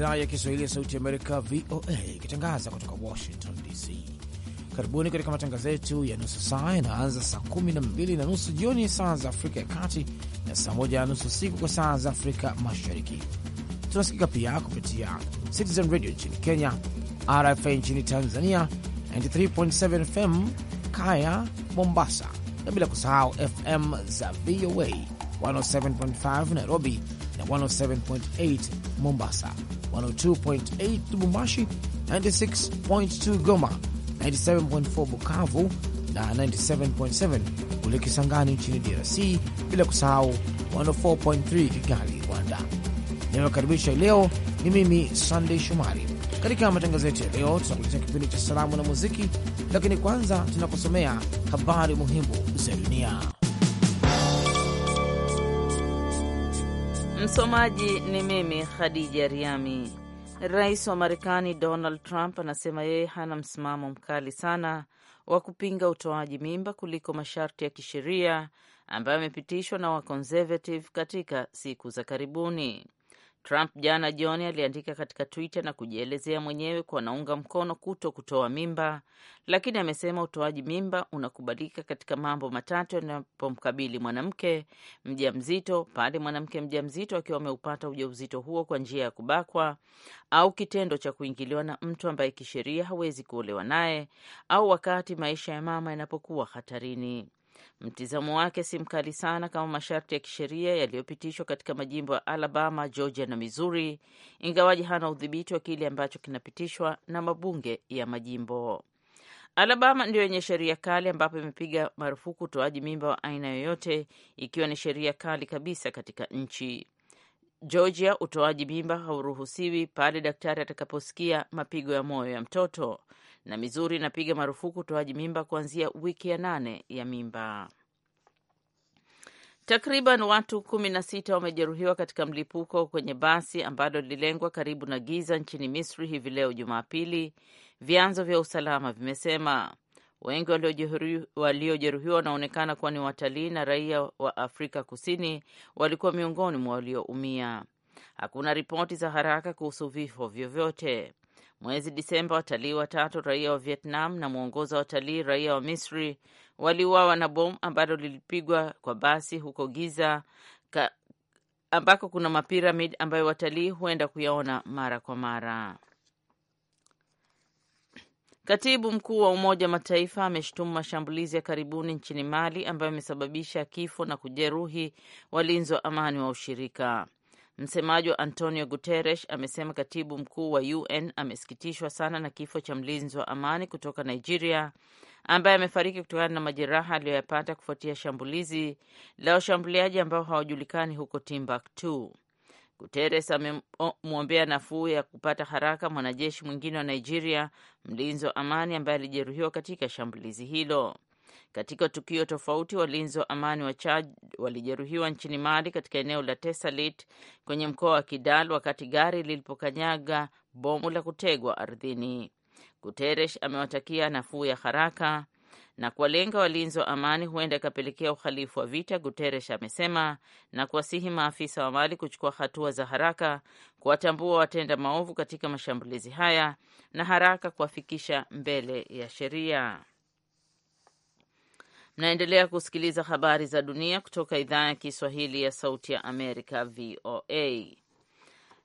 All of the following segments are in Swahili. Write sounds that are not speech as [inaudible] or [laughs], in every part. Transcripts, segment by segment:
idhaa ya Kiswahili ya Sauti ya Amerika, VOA, ikitangaza kutoka Washington DC. Karibuni katika matangazo yetu ya nusu saa Inaanza saa 12 na nusu jioni saa za Afrika ya Kati na saa 1 na nusu usiku kwa saa za Afrika Mashariki. Tunasikika pia kupitia Citizen Radio nchini Kenya, RFA nchini Tanzania, 93.7 FM Kaya Mombasa, na bila kusahau FM za VOA 107.5 Nairobi na 107.8 Mombasa, 102.8 Lubumbashi, 96.2 Goma, 97.4 Bukavu na 97.7 kule Kisangani nchini DRC, bila kusahau 104.3 Kigali, Rwanda. Inayokaribisha leo ni mimi Sandey Shomari. Katika matangazo yetu ya leo, tunakuletea kipindi cha salamu na muziki, lakini kwanza tunakusomea habari muhimu za dunia. Msomaji ni mimi Khadija Riami. Rais wa Marekani Donald Trump anasema yeye hana msimamo mkali sana wa kupinga utoaji mimba kuliko masharti ya kisheria ambayo yamepitishwa na wakonservative katika siku za karibuni. Trump jana jioni aliandika katika Twitter na kujielezea mwenyewe kuwa anaunga mkono kuto kutoa mimba, lakini amesema utoaji mimba unakubalika katika mambo matatu yanapomkabili mwanamke mja mzito pale mwanamke mja mzito akiwa ameupata uzito huo kwa njia ya kubakwa au kitendo cha kuingiliwa na mtu ambaye kisheria hawezi kuolewa naye, au wakati maisha ya mama yanapokuwa hatarini. Mtizamo wake si mkali sana kama masharti ya kisheria yaliyopitishwa katika majimbo ya Alabama, Georgia na Missouri, ingawaji hana udhibiti wa kile ambacho kinapitishwa na mabunge ya majimbo. Alabama ndiyo yenye sheria kali ambapo imepiga marufuku utoaji mimba wa aina yoyote, ikiwa ni sheria kali kabisa katika nchi. Georgia, utoaji mimba hauruhusiwi pale daktari atakaposikia mapigo ya moyo ya mtoto, na Mizuri inapiga marufuku utoaji mimba kuanzia wiki ya nane ya mimba. Takriban watu kumi na sita wamejeruhiwa katika mlipuko kwenye basi ambalo lililengwa karibu na Giza nchini Misri hivi leo Jumapili, vyanzo vya usalama vimesema. Wengi waliojeruhiwa wanaonekana kuwa ni watalii na raia wa Afrika Kusini walikuwa miongoni mwa walioumia. Hakuna ripoti za haraka kuhusu vifo vyovyote. Mwezi Disemba, watalii watatu raia wa Vietnam na mwongoza watalii raia wa Misri waliuawa na bomu ambalo lilipigwa kwa basi huko Giza ka, ambako kuna mapiramid ambayo watalii huenda kuyaona mara kwa mara. Katibu mkuu wa Umoja wa Mataifa ameshutumu mashambulizi ya karibuni nchini Mali ambayo yamesababisha kifo na kujeruhi walinzi wa amani wa ushirika. Msemaji wa Antonio Guterres amesema katibu mkuu wa UN amesikitishwa sana na kifo cha mlinzi wa amani kutoka Nigeria ambaye amefariki kutokana na majeraha aliyoyapata kufuatia shambulizi la washambuliaji ambao hawajulikani huko Timbuktu. Guterres amemwombea nafuu ya kupata haraka mwanajeshi mwingine wa Nigeria, mlinzi wa amani ambaye alijeruhiwa katika shambulizi hilo. Katika tukio tofauti, walinzi wa amani wa Chad walijeruhiwa nchini Mali katika eneo la Tesalit kwenye mkoa wa Kidal wakati gari lilipokanyaga bomu la kutegwa ardhini. Guterres amewatakia nafuu ya haraka na kuwalenga walinzi wa amani huenda ikapelekea uhalifu wa vita, Guterres amesema, na kuwasihi maafisa wa Mali kuchukua hatua za haraka kuwatambua watenda maovu katika mashambulizi haya na haraka kuwafikisha mbele ya sheria. Mnaendelea kusikiliza habari za dunia kutoka idhaa ya Kiswahili ya Sauti ya Amerika, VOA.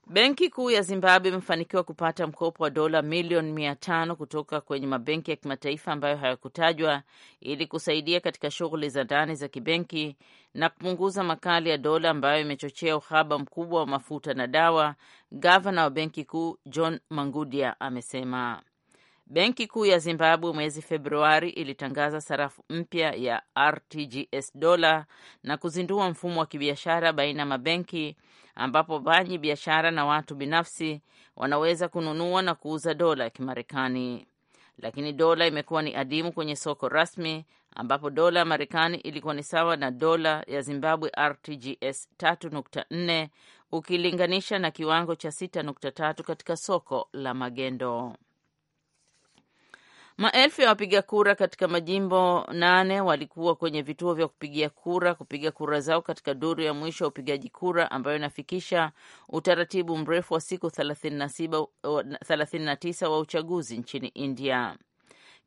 Benki Kuu ya Zimbabwe imefanikiwa kupata mkopo wa dola milioni mia tano kutoka kwenye mabenki ya kimataifa ambayo hayakutajwa ili kusaidia katika shughuli za ndani za kibenki na kupunguza makali ya dola ambayo imechochea uhaba mkubwa wa mafuta na dawa. Gavana wa Benki Kuu John Mangudia amesema Benki Kuu ya Zimbabwe mwezi Februari ilitangaza sarafu mpya ya RTGS dola na kuzindua mfumo wa kibiashara baina ya mabenki ambapo wafanyi biashara na watu binafsi wanaweza kununua na kuuza dola ya Kimarekani. Lakini dola imekuwa ni adimu kwenye soko rasmi ambapo dola ya Marekani ilikuwa ni sawa na dola ya Zimbabwe RTGS 3.4 ukilinganisha na kiwango cha 6.3 katika soko la magendo. Maelfu ya wapiga kura katika majimbo nane walikuwa kwenye vituo vya kupigia kura kupiga kura zao katika duru ya mwisho ya upigaji kura ambayo inafikisha utaratibu mrefu wa siku 39 wa uchaguzi nchini India.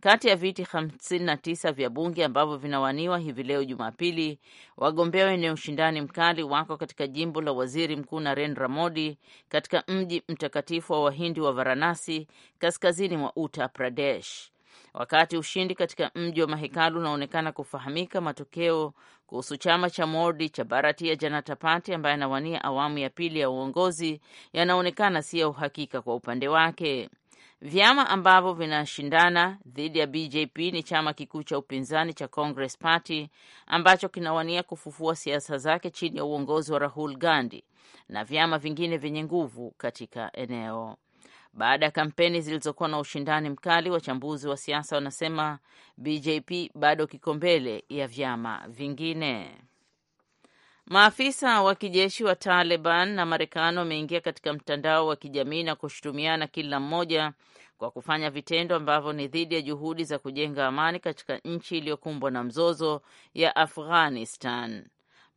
Kati ya viti 59 vya bunge ambavyo vinawaniwa hivi leo Jumapili, wagombea wenye ushindani mkali wako katika jimbo la waziri mkuu Narendra Modi katika mji mtakatifu wa Wahindi wa Varanasi, kaskazini mwa Uttar Pradesh. Wakati ushindi katika mji wa mahekalu unaonekana kufahamika, matokeo kuhusu chama cha Modi cha Bharatiya Janata Party ambaye anawania awamu ya pili ya uongozi yanaonekana si ya uhakika kwa upande wake. Vyama ambavyo vinashindana dhidi ya BJP ni chama kikuu cha upinzani cha Congress Party ambacho kinawania kufufua siasa zake chini ya uongozi wa Rahul Gandhi na vyama vingine vyenye nguvu katika eneo. Baada ya kampeni zilizokuwa na ushindani mkali, wachambuzi wa siasa wanasema BJP bado kiko mbele ya vyama vingine. Maafisa wa kijeshi wa Taliban na Marekani wameingia katika mtandao wa kijamii na kushutumiana kila mmoja kwa kufanya vitendo ambavyo ni dhidi ya juhudi za kujenga amani katika nchi iliyokumbwa na mzozo ya Afghanistan.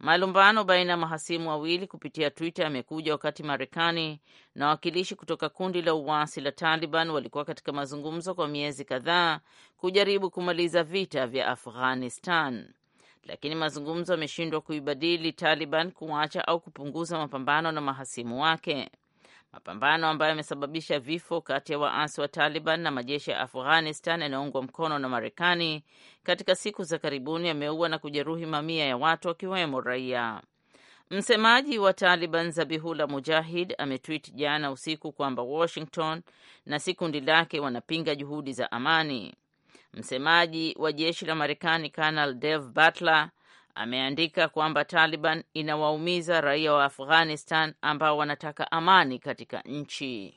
Malumbano baina ya mahasimu wawili kupitia Twitter yamekuja wakati Marekani na wawakilishi kutoka kundi la uwasi la Taliban walikuwa katika mazungumzo kwa miezi kadhaa kujaribu kumaliza vita vya Afghanistan, lakini mazungumzo yameshindwa kuibadili Taliban kuacha au kupunguza mapambano na mahasimu wake mapambano ambayo yamesababisha vifo kati ya waasi wa Taliban na majeshi ya Afghanistan yanayoungwa mkono na Marekani katika siku za karibuni yameua na kujeruhi mamia ya watu wakiwemo raia. Msemaji wa Taliban Zabihullah Mujahid ametwit jana usiku kwamba Washington na si kundi lake wanapinga juhudi za amani. Msemaji wa jeshi la Marekani Kanal Dev Butler ameandika kwamba Taliban inawaumiza raia wa Afghanistan ambao wanataka amani katika nchi.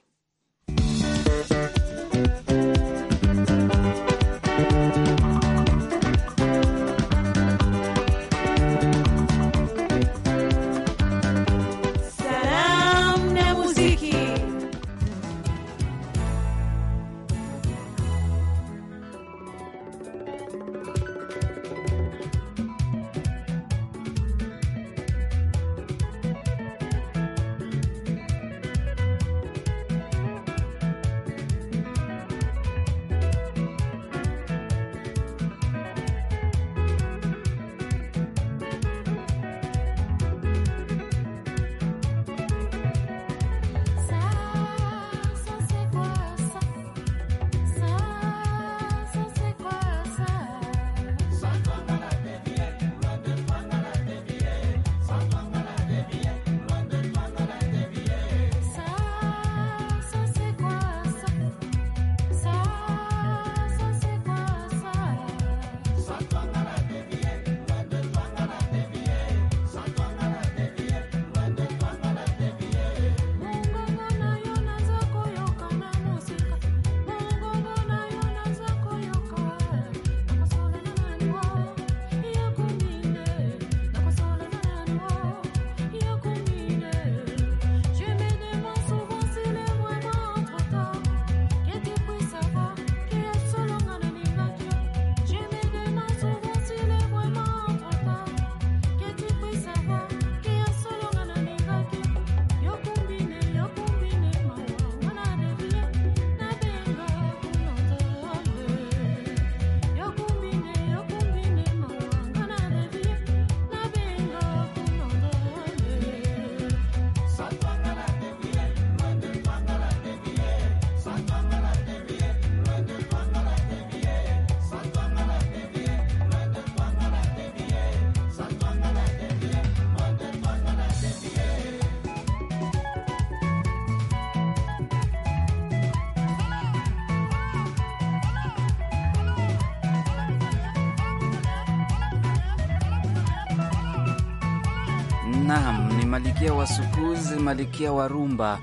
Naam, ni Malikia wa Sukuzi, Malikia wa Rumba.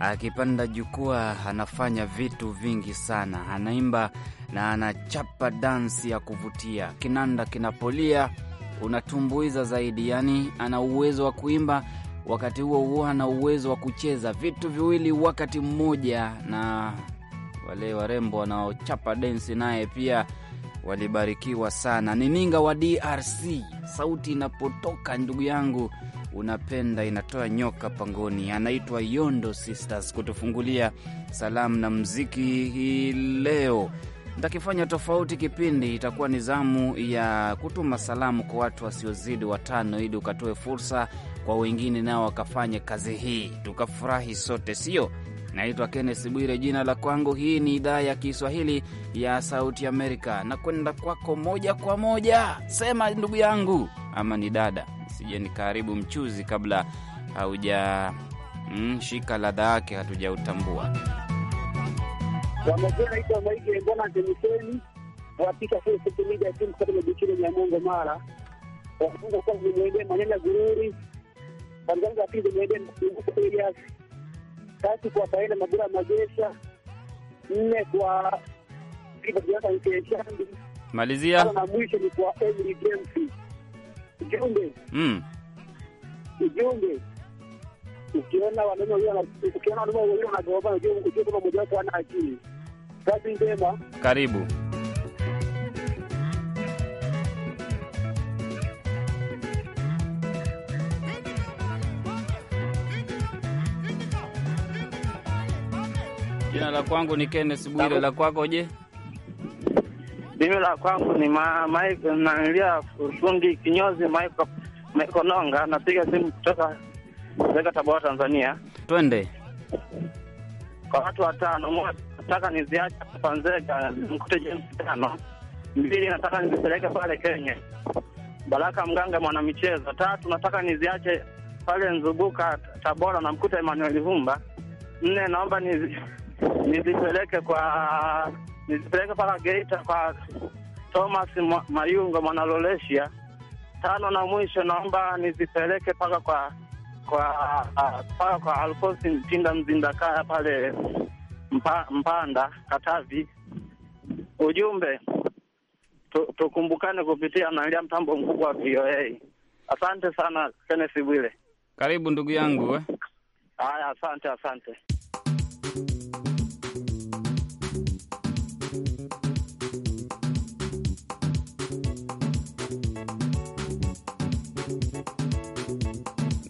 Akipanda jukwaa anafanya vitu vingi sana, anaimba na anachapa dansi ya kuvutia. Kinanda kinapolia unatumbuiza zaidi, yaani ana uwezo wa kuimba, wakati huo huo ana uwezo wa kucheza vitu viwili wakati mmoja. Na wale warembo wanaochapa densi naye pia walibarikiwa sana. ni ninga wa DRC, sauti inapotoka ndugu yangu unapenda inatoa nyoka pangoni. Anaitwa Yondo Sisters kutufungulia salamu na mziki hii leo. Ntakifanya tofauti kipindi, itakuwa ni zamu ya kutuma salamu kwa watu wasiozidi watano, ili ukatoe fursa kwa wengine nao wakafanye kazi hii, tukafurahi sote, sio? Naitwa Kennes Bwire jina la kwangu. Hii ni idhaa ya Kiswahili ya Sauti Amerika na kwenda kwako moja kwa moja. Sema ndugu yangu ama ni dada sije nikaharibu mchuzi kabla hauja mm, shika ladha yake, hatujautambua. tatu kwa Magura Magesha, nne kwa malizia na mwisho ni kwa Emily James. Ujumbe mm. Ujumbe, ukiona wanene wao ukiona wao wanaume wawili wanagombana, ujue kwamba mojawapo hana akili. Kazi njema, karibu Jina la kwangu ni Kenneth Bwire, la kwako je? Mimi la kwangu ni nalia fundi kinyozi Maiko napiga simu kutoka Zega, Tabora, Tanzania. Twende kwa watu watano. Moja, nataka niziache hapa Nzega mkute jinsi tano. Mbili, nataka nizipeleke pale Kenya Baraka Mganga mwanamichezo. Tatu, nataka niziache pale Nzuguka Tabora na mkuta Emmanuel Vumba. Nne, naomba nizi, nizipeleke kwa nizipeleke mpaka Geita kwa Thomas Mayunga Mwanalolesia. Tano na mwisho, naomba nizipeleke mpaka kwa kwa mpaka kwa Alfonsi Mtinda Mzindakaya pale mpa, Mpanda Katavi. Ujumbe tukumbukane kupitia nalia mtambo mkubwa wa VOA. Asante sana Kenneth Bwile, karibu ndugu yangu. Eh. Haya, asante asante.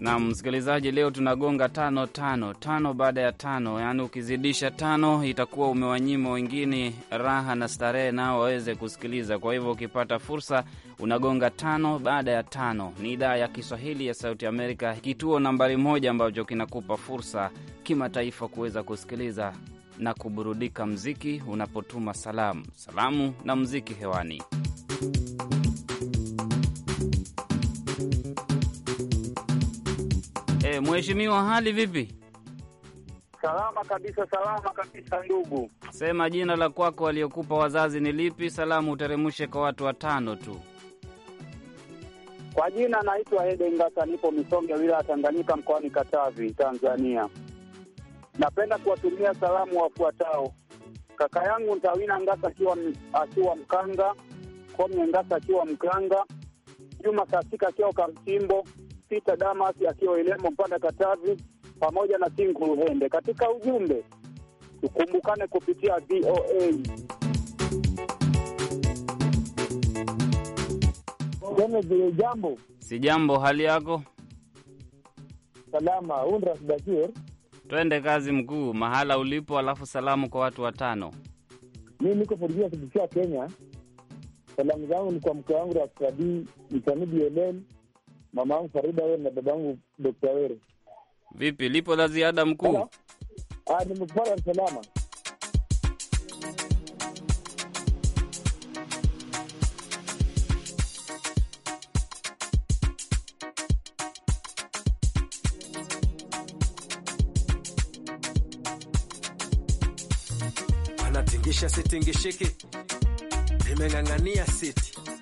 na msikilizaji, leo tunagonga tano tano tano baada ya tano, yaani ukizidisha tano itakuwa umewanyima wengine raha na starehe, nao waweze kusikiliza. Kwa hivyo ukipata fursa unagonga tano baada ya tano. Ni idhaa ya Kiswahili ya Sauti Amerika, kituo nambari moja ambacho kinakupa fursa kimataifa kuweza kusikiliza na kuburudika mziki unapotuma salamu. Salamu na mziki hewani. E, mheshimiwa, hali vipi? Salama kabisa, salama kabisa ndugu. Sema jina la kwako, waliokupa wazazi ni lipi? Salamu uteremshe kwa watu watano tu. Kwa jina naitwa Ede Ngasa, nipo Misonge, wilaya ya Tanganyika, mkoani Katavi, Tanzania. Napenda kuwatumia salamu wafuatao: kaka yangu Ntawina Ngasa akiwa akiwa Mkanga, Komye Ngasa akiwa Mkanga, Juma Sasika akiwa Kamchimbo Peter Damas akiwa Ilemo Mpanda Katavi, pamoja na Tingu Luhende. Katika ujumbe, tukumbukane kupitia VOA. Kennedy, jambo. Si jambo, hali yako? Salama, Bashir, Twende kazi mkuu, mahala ulipo, alafu salamu kwa watu watano. Mimi niko Forgia Kenya. Salamu zangu ni kwa mke wangu rasadi Mtanibi Elen mamangu Farida wewe na babangu Dokta Were. Vipi, lipo la ziada mkuu? Ah, salama. Anatingisha siti nimeng'ang'ania siti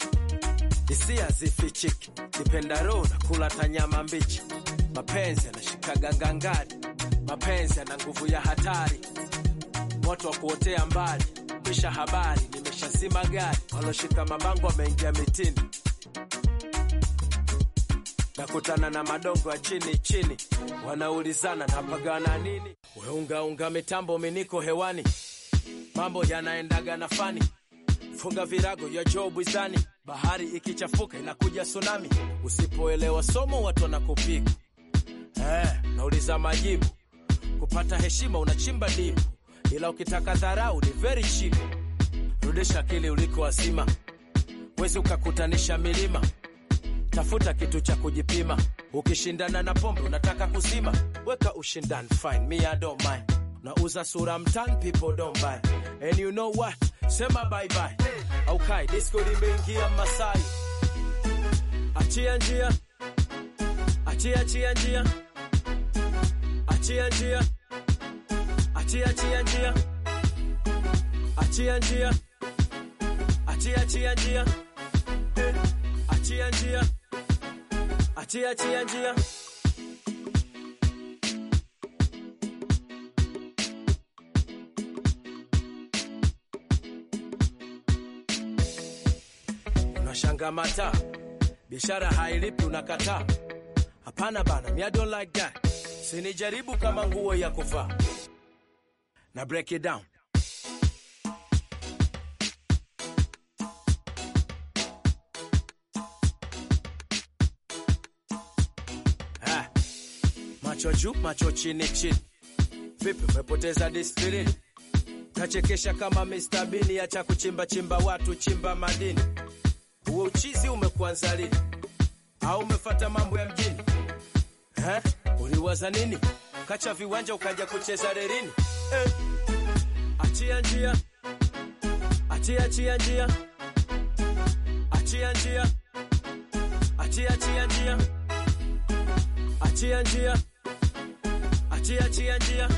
hisia zifichiki, nipendaro na kula tanyama mbichi, mapenzi yanashika ngangari, mapenzi yana nguvu ya hatari, moto wa kuotea mbali. Kisha habari nimeshazima gari, waloshika mabango mengia mitini nakutana na madongo ya chini chini, wanaulizana napagana nini? Weungaunga mitambo miniko hewani, mambo yanaendaga na fani, funga virago ya jobu izani bahari ikichafuka inakuja tsunami. Usipoelewa somo watu wanakupiga eh, nauliza majibu. Kupata heshima unachimba dipu, ila ukitaka dharau ni very cheap. Rudisha akili uliko wazima wezi ukakutanisha milima. Tafuta kitu cha kujipima, ukishindana na pombe unataka kuzima. Weka ushindani fine, me I don't mind. Nauza sura mtan, people don't buy. And you know what? Sema bye bye au kai disco limeingia Masai, achia njia, achia achia njia, achia njia, achia achia njia, achia njia, achia achia njia, achia njia, achia achia njia mata biashara hailipi, unakata. Hapana bana, mi I don't like that. Sinijaribu kama nguo ya kuvaa na break it down ah, Macho juu macho chini chini, vipi umepoteza disiplini? Nachekesha kama Mr. Bini, acha kuchimba chimba watu, chimba madini Uwe uchizi umekuanza lini? Au umefata mambo ya mjini? uliwaza nini? Kacha viwanja ukaja kucheza rerini? Eh, achia njia, achia achia njia, achia njia, achia achia njia, achia njia, achia achia njia,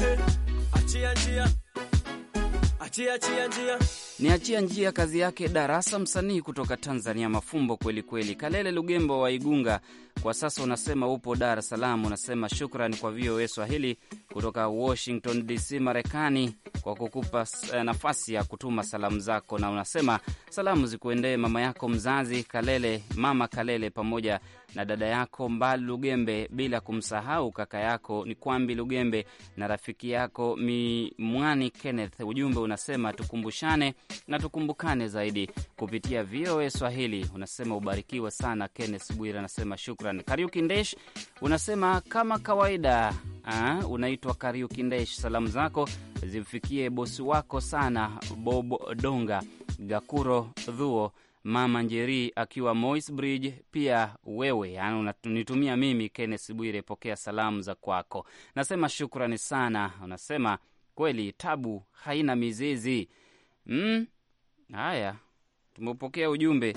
eh, achia njia njia niachia njia, kazi yake darasa, msanii kutoka Tanzania, mafumbo kweli kweli. Kalele Lugembo wa Igunga, kwa sasa unasema upo Dar es Salaam, unasema shukrani kwa VOA Swahili kutoka Washington DC, Marekani, kwa kukupa eh, nafasi ya kutuma salamu zako, na unasema salamu zikuendee mama yako mzazi Kalele, mama Kalele pamoja na dada yako mbali Lugembe, bila kumsahau kaka yako ni kwambi Lugembe na rafiki yako Mimwani Kenneth. Ujumbe unasema tukumbushane na tukumbukane zaidi kupitia VOA Swahili. Unasema ubarikiwa sana. Kenneth Bwira anasema shukran. Kariuki Ndesh unasema kama kawaida unaitwa Kariuki Ndesh. Salamu zako zimfikie bosi wako sana bob Donga Gakuro Dhuo Mama Njeri akiwa Moi's Bridge, pia wewe yani unanitumia mimi Kenneth Bwire, pokea salamu za kwako. Nasema shukrani sana. Unasema kweli tabu haina mizizi. Mm, haya tumepokea ujumbe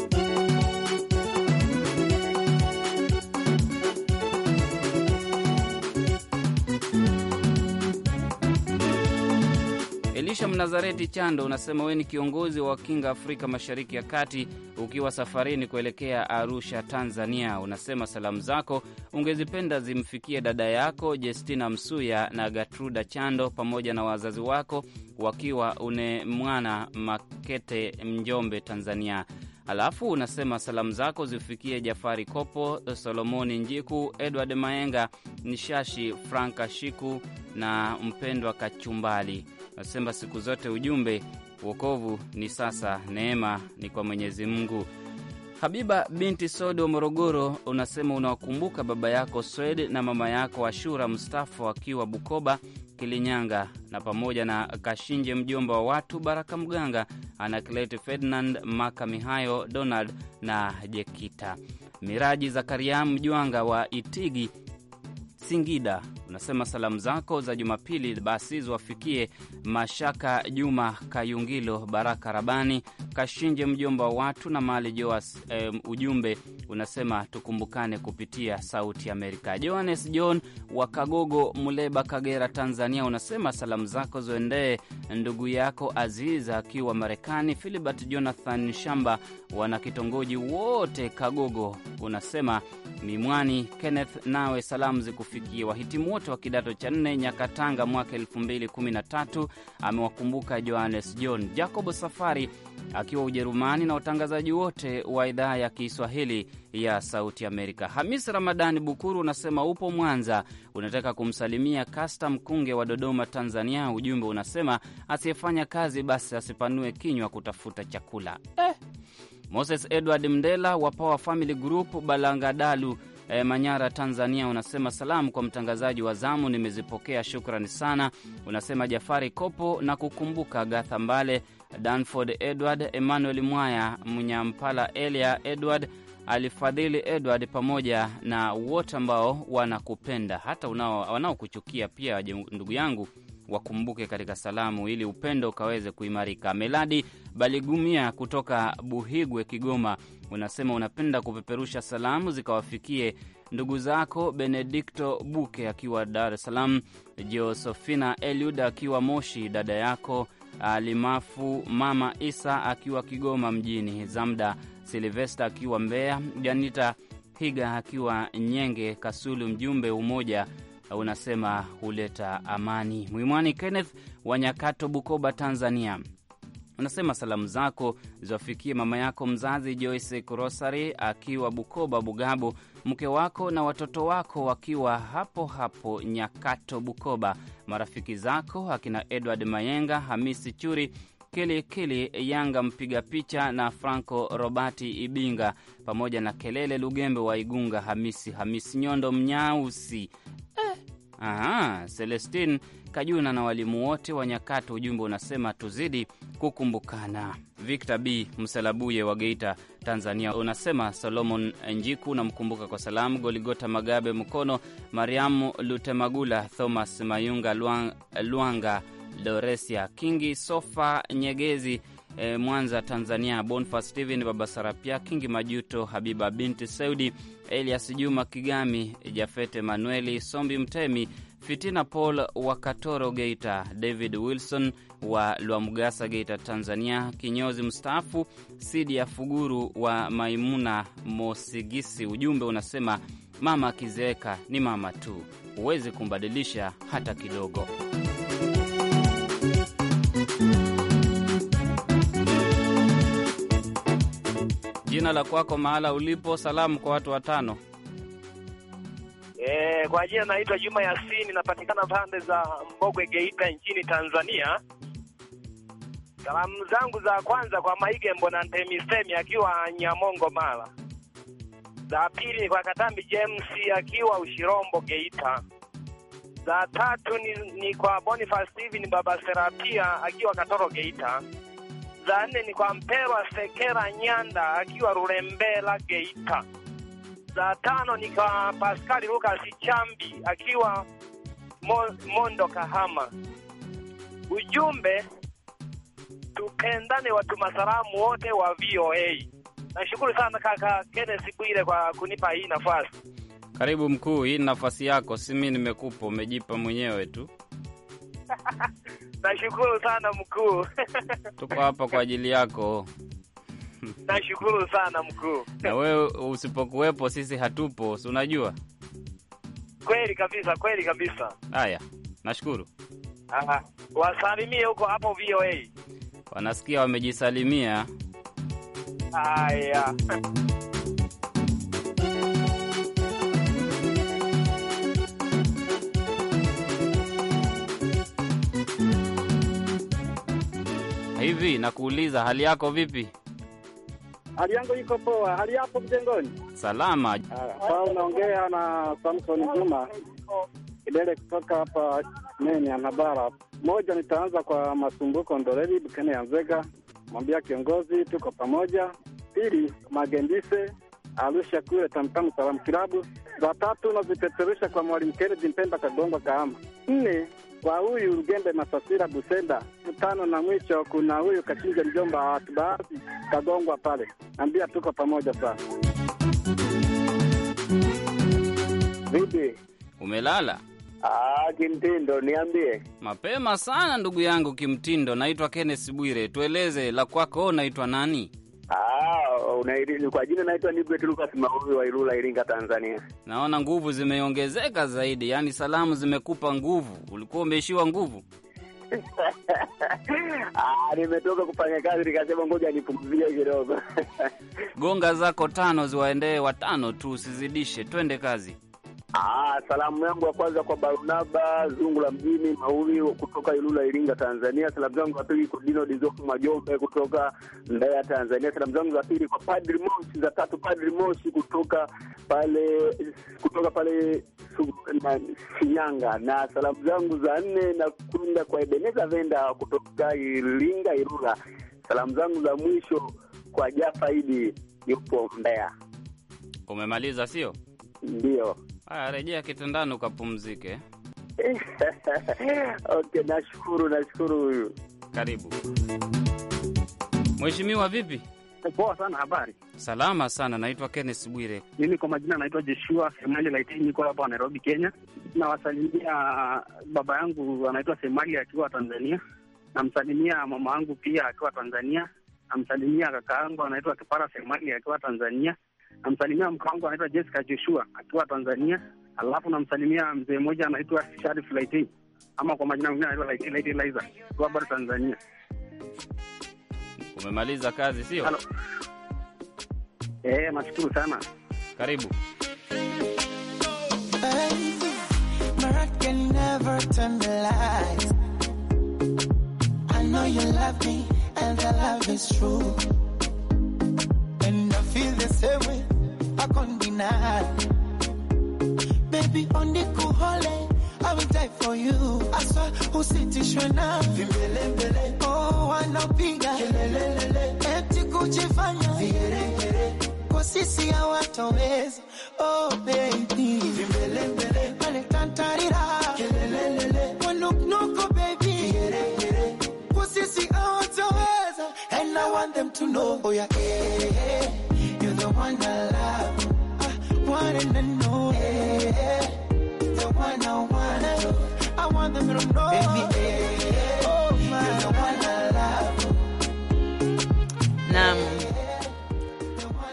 Maisha Mnazareti Chando unasema wewe ni kiongozi wa Kinga Afrika Mashariki ya Kati, ukiwa safarini kuelekea Arusha, Tanzania. Unasema salamu zako ungezipenda zimfikie dada yako Jestina Msuya na Gatruda Chando pamoja na wazazi wako wakiwa une mwana Makete, Njombe, Tanzania. Alafu unasema salamu zako zifikie Jafari Kopo, Solomoni Njiku, Edward Maenga, Nishashi Franka Shiku na mpendwa Kachumbali. Anasema siku zote ujumbe, wokovu ni sasa, neema ni kwa Mwenyezi Mungu. Habiba binti Sodo wa Morogoro unasema unawakumbuka baba yako Swed na mama yako Ashura Mustafa wakiwa Bukoba Kilinyanga, na pamoja na Kashinje mjomba wa watu Baraka Mganga, Anaklet Ferdinand Mihayo Donald na Jekita Miraji Zakariam Mjwanga wa Itigi Singida Unasema salamu zako za Jumapili basi ziwafikie Mashaka Juma Kayungilo, Baraka Rabani Kashinje, mjomba wa watu na mali Joas. Um, ujumbe unasema tukumbukane kupitia Sauti Amerika. Johannes John wa Kagogo, Muleba, Kagera, Tanzania, unasema salamu zako ziendee ndugu yako Aziza akiwa Marekani, Filibert Jonathan Shamba, wana kitongoji wote Kagogo. Unasema Mimwani Kenneth, nawe salamu zikufikie wahitimu wote wa kidato cha nne Nyakatanga mwaka tatu amewakumbuka Johannes John Jacobo Safari akiwa Ujerumani na watangazaji wote wa idhaa ya Kiswahili ya Sauti Amerika. Hamis Ramadani Bukuru unasema upo Mwanza, unataka kumsalimia Kasta Mkunge wa Dodoma, Tanzania. Ujumbe unasema asiyefanya kazi basi asipanue kinywa kutafuta chakula eh. Moses Edward Mndela wa Power Family Group Balangadalu e, Manyara, Tanzania, unasema salamu kwa mtangazaji wa zamu, nimezipokea shukrani sana. Unasema Jafari Kopo na kukumbuka Gatha Mbale, Danford Edward, Emmanuel Mwaya, Mnyampala, Elia Edward Alifadhili Edward pamoja na wote ambao wanakupenda hata wanaokuchukia pia, ndugu yangu wakumbuke katika salamu, ili upendo ukaweze kuimarika. Meladi Baligumia kutoka Buhigwe, Kigoma, unasema unapenda kupeperusha salamu zikawafikie ndugu zako Benedikto Buke akiwa Dar es Salaam, Josefina Eliud akiwa Moshi, dada yako Alimafu, mama Isa akiwa Kigoma mjini, Zamda Silvesta akiwa Mbeya, Janita Higa akiwa Nyenge Kasulu, mjumbe umoja unasema huleta amani. Mwimwani Kenneth wa Nyakato, Bukoba, Tanzania, unasema salamu zako ziwafikie mama yako mzazi Joyce krosari akiwa Bukoba Bugabo, mke wako na watoto wako wakiwa hapo hapo Nyakato Bukoba, marafiki zako akina Edward Mayenga, Hamisi Churi, kelikeli Yanga mpiga picha na Franco Robati Ibinga pamoja na Kelele Lugembe wa Igunga, Hamisi Hamisi Nyondo Mnyausi eh. Aha, Celestine Kajuna na walimu wote wa Nyakati, ujumbe unasema tuzidi kukumbukana. Victor B Msalabuye wa Geita, Tanzania, unasema Solomon Njiku unamkumbuka kwa salamu, Goligota Magabe Mkono, Mariamu Lutemagula, Thomas Mayunga Luang, Luanga, Doresia Kingi, Sofa Nyegezi eh, Mwanza Tanzania, Bonfa Steven Baba Sarapia, Kingi Majuto, Habiba binti Saudi, Elias Juma Kigami, Jafete Manueli Sombi Mtemi, Fitina Paul wa Katoro Geita, David Wilson wa Lwamgasa Geita Tanzania, kinyozi mstaafu Sidi ya Fuguru wa Maimuna Mosigisi. Ujumbe unasema mama akizeeka ni mama tu, huwezi kumbadilisha hata kidogo. jina la kwako, mahala ulipo, salamu kwa watu watano. E, kwa jina naitwa Juma Yasini, napatikana pande za Mbogwe, Geita nchini Tanzania. Salamu zangu za kwanza kwa Maige Mbona Ntemisemi akiwa Nyamongo Mara, za pili ni kwa Katambi James akiwa Ushirombo Geita, za tatu ni, ni kwa Boniface Steven Baba Serapia akiwa Katoro Geita za nne ni kwa Mperwa Sekera Nyanda akiwa Rurembela Geita. Za tano ni kwa Paskali Lukas Chambi akiwa Mondo Kahama. Ujumbe, tupendane watu masalamu wote wa VOA. Nashukuru sana kaka kenesi Bwire kwa kunipa hii nafasi. Karibu mkuu, hii nafasi yako, si mimi nimekupa, umejipa mwenyewe tu. Nashukuru sana mkuu. Tuko hapa kwa ajili yako. Nashukuru sana mkuu. Na wewe usipokuwepo sisi hatupo, si unajua? Kweli kabisa, kweli kabisa. Haya, nashukuru. Wasalimie huko hapo VOA. Wanasikia wamejisalimia. Haya. Hivi nakuuliza hali yako vipi? Hali yangu iko poa. Hali yapo mjengoni? Salama. Kwa ah, unaongea na Samson Juma Kidele kutoka hapa Meni Anabara. Moja, nitaanza kwa masumbuko Ndoleli Bukene ya Nzega, mwambia kiongozi tuko pamoja. Pili, Magendise Arusha kule Tamtamu Salamu Kilabu. Za tatu, nazipeperusha kwa Mwalimu Kennedy Mpemba Kagongwa Kahama. Nne, wa huyu Rugembe Masasira Busenda tano na mwisho, kuna huyu kachinja mjomba wa watu baadhi kagongwa pale, ambia tuko pamoja sana. Vipi, umelala? Ah, kimtindo, niambie mapema sana ndugu yangu. Kimtindo, naitwa Kenneth Bwire, tueleze la kwako, naitwa nani? kwa jina naitwa Nibwet Lucas Mauvi wa Ilula, Iringa, Tanzania. Naona nguvu zimeongezeka zaidi, yaani salamu zimekupa nguvu, ulikuwa umeishiwa nguvu? [laughs] Ah, nimetoka kufanya kazi nikasema ngoja nipumzie kidogo. [laughs] Gonga zako tano ziwaendee watano tu, usizidishe, twende kazi. Ah, salamu yangu ya kwanza kwa Barnaba Zungu la mjini Mauri kutoka Ilula, Iringa, Tanzania. Salamu zangu za pili kwa Dino Dizoku Majombe kutoka Mbeya, Tanzania. Salamu zangu za pili kwa Padri Moshi, za tatu Padri Moshi kutoka pale kutoka pale Shinyanga, na salamu zangu za nne na kwenda kwa Ebeneza Venda kutoka Iringa, Ilula. Salamu zangu za mwisho kwa Jafaidi yupo Mbeya. Umemaliza sio? Ndio. Haya, rejea kitandani ukapumzike. [laughs] Okay, nashukuru, nashukuru. Huyu karibu Mheshimiwa, vipi? Poa sana. Habari? Salama sana. Naitwa Kenneth Bwire. Mimi kwa majina naitwa Joshua Semali Laitini, niko hapa Nairobi, Kenya. Nawasalimia uh, baba yangu anaitwa Semali akiwa Tanzania, namsalimia mama yangu pia akiwa Tanzania, namsalimia kaka yangu anaitwa Kipara Semali akiwa Tanzania, namsalimia mka wangu anaitwa Jessica Joshua akiwa Tanzania, alafu namsalimia mzee mmoja anaitwa Sharif Laitei ama kwa majina mengine anaitwa Laitei Laitei Laiza akiwa bado Tanzania. Umemaliza kazi sio? Eh, nashukuru sana, karibu semwe akondina Baby, only kuhole, I will die for you. Aswa usitishwe na vimbelembele. Oh, wanapiga kelelelele. Eti kujifanya vigeregere. Kwa sisi hawatoweza. Oh, baby. Vimbelembele. Wale tantarira. Kelelelele. Wanuknuko, baby. Vigeregere. Kwa sisi hawatoweza. And I want them to know. Oh, yeah. Hey, eh, eh, hey. Eh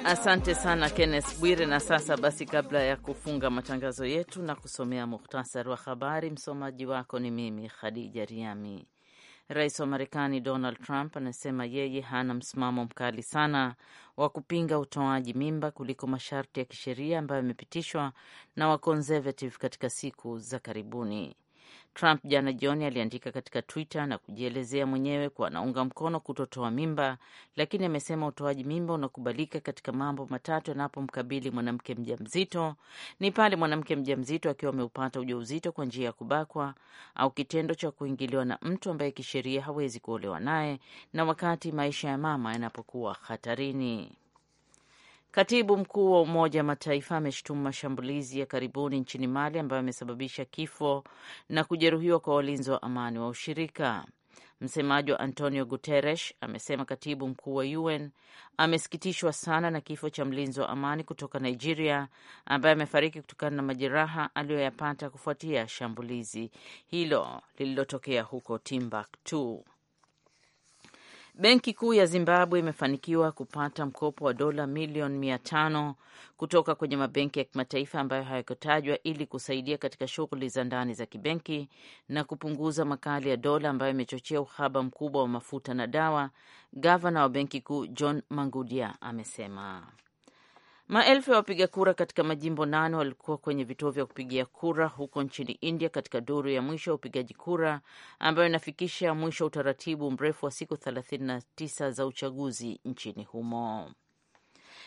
asante sana Kenneth Bwire. Na sasa basi, kabla ya kufunga matangazo yetu na kusomea muhtasari wa habari, msomaji wako ni mimi Khadija Riami. Rais wa Marekani Donald Trump anasema yeye hana msimamo mkali sana wa kupinga utoaji mimba kuliko masharti ya kisheria ambayo yamepitishwa na wakonservative katika siku za karibuni. Trump jana jioni aliandika katika Twitter na kujielezea mwenyewe kuwa anaunga mkono kutotoa mimba, lakini amesema utoaji mimba unakubalika katika mambo matatu yanapomkabili mwanamke mjamzito: ni pale mwanamke mjamzito akiwa ameupata ujauzito kwa njia ya kubakwa au kitendo cha kuingiliwa na mtu ambaye kisheria hawezi kuolewa naye, na wakati maisha ya mama yanapokuwa hatarini. Katibu mkuu wa Umoja wa Mataifa ameshutumu mashambulizi ya karibuni nchini Mali ambayo yamesababisha kifo na kujeruhiwa kwa walinzi wa amani wa ushirika. Msemaji wa Antonio Guterres amesema katibu mkuu wa UN amesikitishwa sana na kifo cha mlinzi wa amani kutoka Nigeria ambaye amefariki kutokana na majeraha aliyoyapata kufuatia shambulizi hilo lililotokea huko Timbuktu. Benki Kuu ya Zimbabwe imefanikiwa kupata mkopo wa dola milioni mia tano kutoka kwenye mabenki ya kimataifa ambayo hayakutajwa ili kusaidia katika shughuli za ndani za kibenki na kupunguza makali ya dola ambayo imechochea uhaba mkubwa wa mafuta na dawa. Gavana wa Benki Kuu John Mangudia amesema. Maelfu ya wapiga kura katika majimbo nane walikuwa kwenye vituo vya kupigia kura huko nchini India katika duru ya mwisho ya upigaji kura ambayo inafikisha mwisho utaratibu mrefu wa siku 39 za uchaguzi nchini humo.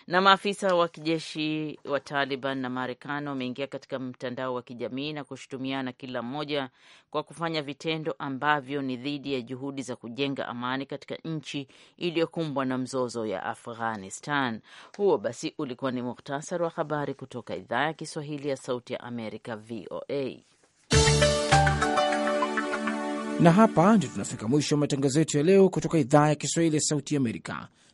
Na maafisa wa kijeshi wa Taliban na Marekani wameingia katika mtandao wa kijamii na kushutumiana kila mmoja kwa kufanya vitendo ambavyo ni dhidi ya juhudi za kujenga amani katika nchi iliyokumbwa na mzozo ya Afghanistan. Huo basi ulikuwa ni muhtasari wa habari kutoka idhaa ya Kiswahili ya Sauti ya Amerika, VOA. Na hapa ndio tunafika mwisho wa matangazo yetu ya leo kutoka idhaa ya Kiswahili ya Sauti Amerika.